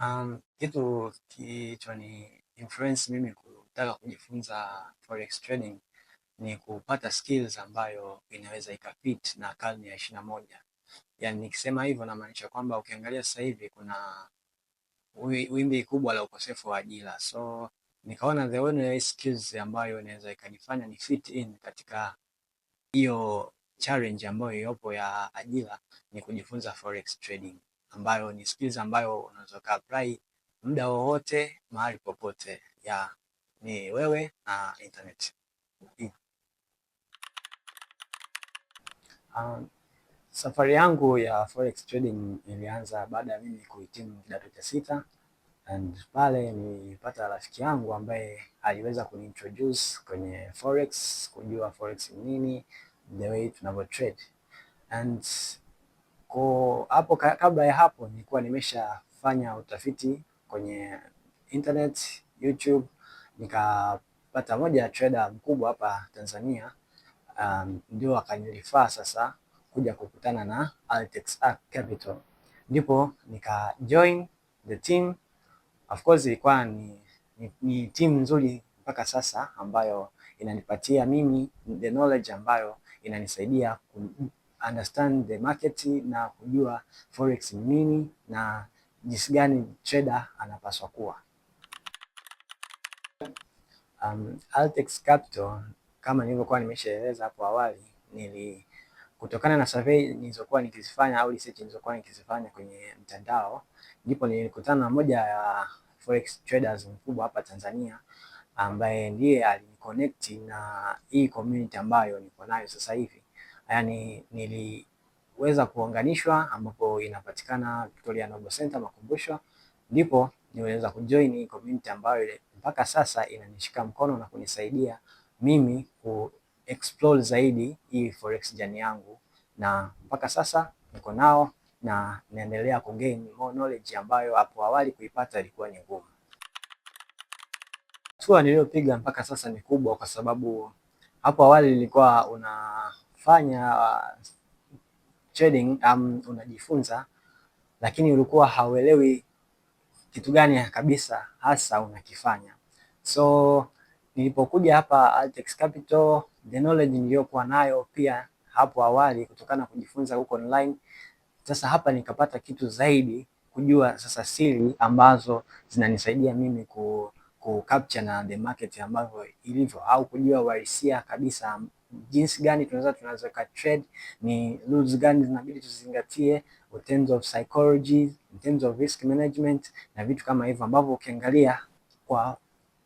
Um, kitu ni influence mimi kutaka kujifunza forex trading ni kupata skills ambayo inaweza ikafit na karne ya ishirini na moja. Yani nikisema hivyo namaanisha kwamba ukiangalia sasa hivi kuna wimbi kubwa la ukosefu wa ajira, so nikaona the only skills ambayo inaweza ikanifanya ni fit in katika hiyo challenge ambayo iyopo ya ajira ni kujifunza forex trading ambayo ni skills ambayo unaweza ka apply muda wowote mahali popote, ya ni wewe na internet. Um, safari yangu ya forex trading ilianza baada ya mimi kuhitimu kidato cha sita and pale nilipata rafiki yangu ambaye aliweza kunintroduce kwenye forex, kujua forex ni nini, the way tunavyo trade and kwa hapo kabla ya hapo nilikuwa nimeshafanya utafiti kwenye internet, YouTube nikapata moja ya trader mkubwa hapa Tanzania um, ndio akanilifaa sasa kuja kukutana na Altex Capital, ndipo nika join the team. Of course ilikuwa ni, ni, ni timu nzuri mpaka sasa ambayo inanipatia mimi the knowledge ambayo inanisaidia understand the market na kujua forex ni nini na jinsi gani trader anapaswa kuwa. Um, Altex Capital kama nilivyokuwa nimeshaeleza hapo awali, nili kutokana na survey nilizokuwa nikizifanya au research nilizokuwa nikizifanya kwenye mtandao, ndipo nilikutana na moja ya forex traders mkubwa hapa Tanzania ambaye ndiye aliniconnect na hii community ambayo niko nayo sasa hivi yani niliweza kuunganishwa, ambapo inapatikana Victoria Noble Center Makumbusho, ndipo niweza kujoin community ambayo mpaka sasa inanishika mkono na kunisaidia mimi ku explore zaidi hii forex journey yangu, na mpaka sasa niko nao na naendelea ku gain more knowledge ambayo hapo awali kuipata ilikuwa ni ngumu. Hatua niliyopiga mpaka sasa ni kubwa, kwa sababu hapo awali nilikuwa una unafanya uh, trading um, unajifunza lakini ulikuwa hauelewi kitu gani kabisa hasa unakifanya. So nilipokuja hapa Altex Capital, the knowledge niliyokuwa nayo pia hapo awali kutokana na kujifunza huko online, sasa hapa nikapata kitu zaidi kujua sasa siri ambazo zinanisaidia mimi ku, ku capture na the market ambavyo ilivyo au kujua uhalisia kabisa jinsi gani tunaweza tunaweza ka trade, ni rules gani zinabidi tuzingatie in terms of psychology, in terms of risk management na vitu kama hivyo ambavyo ukiangalia kwa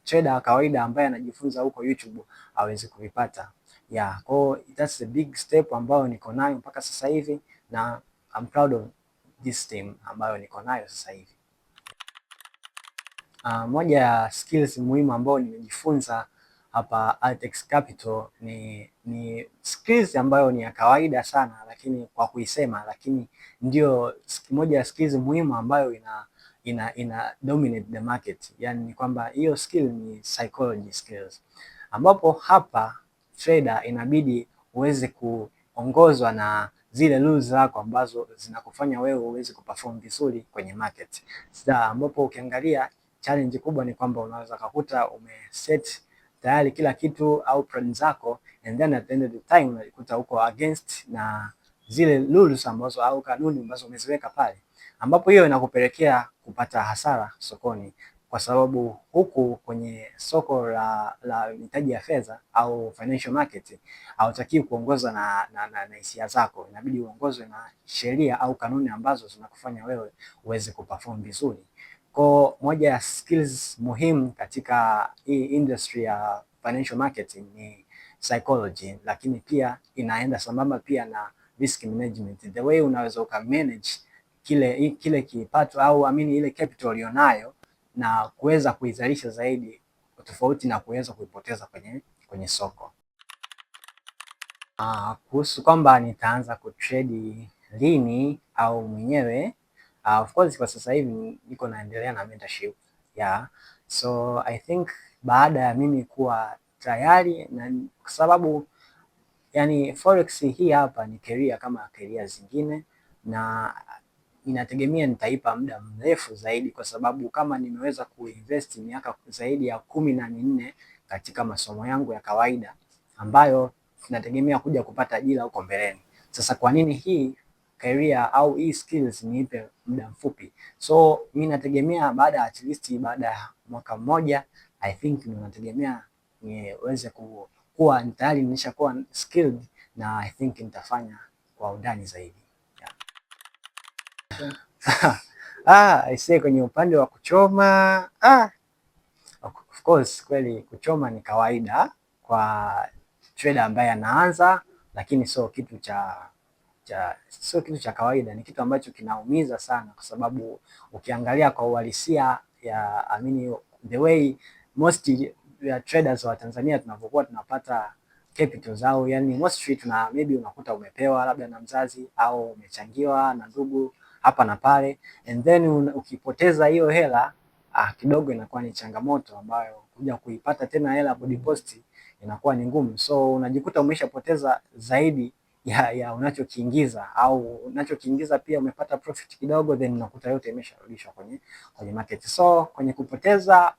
trader wa kawaida ambaye anajifunza huko YouTube hawezi kuvipata. Yeah, kwa that's a big step ambayo niko nayo mpaka sasa hivi na I'm proud of this team ambayo niko nayo sasa hivi. Uh, moja ya skills muhimu ambayo nimejifunza hapa Atex Capital ni, ni skills ambayo ni ya kawaida sana lakini kwa kuisema, lakini ndio moja ya skills muhimu ambayo ina ina ina dominate the market, yani ni kwamba hiyo skill ni psychology skills, ambapo hapa trader inabidi uweze kuongozwa na zile rules zako ambazo zinakufanya wewe uweze kuperform vizuri kwenye market. Sasa ambapo ukiangalia challenge kubwa ni kwamba unaweza kukuta umeset tayari kila kitu au plan zako, and then at the end of the time unajikuta uko against na zile rules ambazo au kanuni ambazo umeziweka pale, ambapo hiyo inakupelekea kupata hasara sokoni, kwa sababu huku kwenye soko la la mitaji ya fedha au financial market hautaki kuongoza na, na, na, na hisia zako. Inabidi uongozwe na sheria au kanuni ambazo zinakufanya wewe uweze kuperform vizuri. Kwa moja ya skills muhimu katika hii industry ya financial marketing ni psychology, lakini pia inaenda sambamba pia na risk management, the way unaweza manage kile kile kipato au amini ile capital ulionayo na kuweza kuizalisha zaidi tofauti na kuweza kuipoteza kwenye, kwenye soko. Ah, kuhusu kwamba nitaanza kutredi lini au mwenyewe Uh, of course kwa sasa hivi niko naendelea na mentorship. Yeah. So I think baada ya mimi kuwa tayari na kwa sababu yani forex hii hapa ni career kama career zingine na inategemea nitaipa muda mrefu zaidi, kwa sababu kama nimeweza kuinvest miaka zaidi ya kumi na minne katika masomo yangu ya kawaida ambayo inategemea kuja kupata ajira huko mbeleni. Sasa kwa nini hii career au hii skills niipe muda mfupi. So mi nategemea baada at least baada ya mwaka mmoja I think ndio nategemea niweze kuwa tayari nimeshakuwa skilled na I think nitafanya kwa undani zaidi yeah. Ah, aisee kwenye upande wa kuchoma ah. Of course kweli kuchoma ni kawaida kwa trader ambaye anaanza, lakini sio kitu cha cha sio kitu cha kawaida, ni kitu ambacho kinaumiza sana, kwa sababu ukiangalia kwa uhalisia ya I mean, the way most ya traders wa Tanzania tunavyokuwa tunapata capital zao, yani mostly tuna maybe unakuta umepewa labda na mzazi au umechangiwa na ndugu hapa na pale, and then ukipoteza hiyo hela ah, kidogo inakuwa ni changamoto ambayo kuja kuipata tena hela kudeposit inakuwa ni ngumu, so unajikuta umeshapoteza zaidi ya, ya unachokiingiza au unachokiingiza pia umepata profit kidogo, then unakuta yote imesharudishwa kwenye, kwenye market. So kwenye kupoteza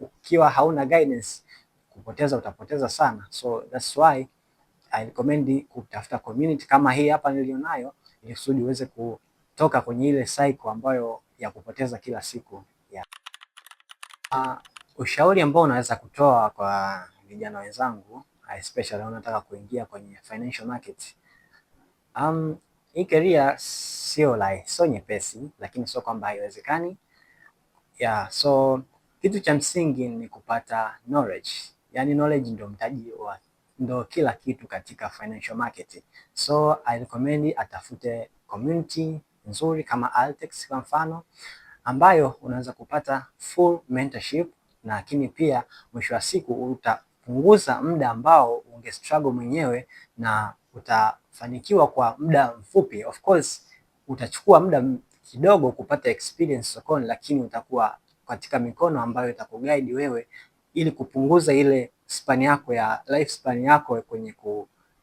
ukiwa hauna guidance, kupoteza utapoteza sana, so that's why I recommend kutafuta community kama hii hapa nilionayo, ili kusudi uweze kutoka kwenye ile cycle ambayo ya kupoteza kila siku yeah. Uh, ushauri ambao unaweza kutoa kwa vijana wenzangu Ah, especially unataka kuingia kwenye financial market. Um, hii career sio lai, sio nyepesi, lakini sio kwamba haiwezekani. Yeah, so kitu cha msingi ni kupata knowledge. Yani knowledge ndio mtaji wa ndo kila kitu katika financial market. So I recommend atafute community nzuri kama Altex kwa mfano, ambayo unaweza kupata full mentorship, lakini pia mwisho wa siku uta punguza muda ambao struggle mwenyewe na utafanikiwa kwa muda mfupi. Of course utachukua muda kidogo kupata experience sokoni, lakini utakuwa katika mikono ambayo itakuguide wewe ili kupunguza ile span yako ya life span yako kwenye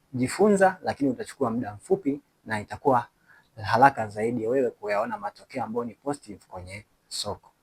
kujifunza, lakini utachukua muda mfupi na itakuwa haraka zaidi ya wewe kuyaona matokeo ambayo ni positive kwenye soko.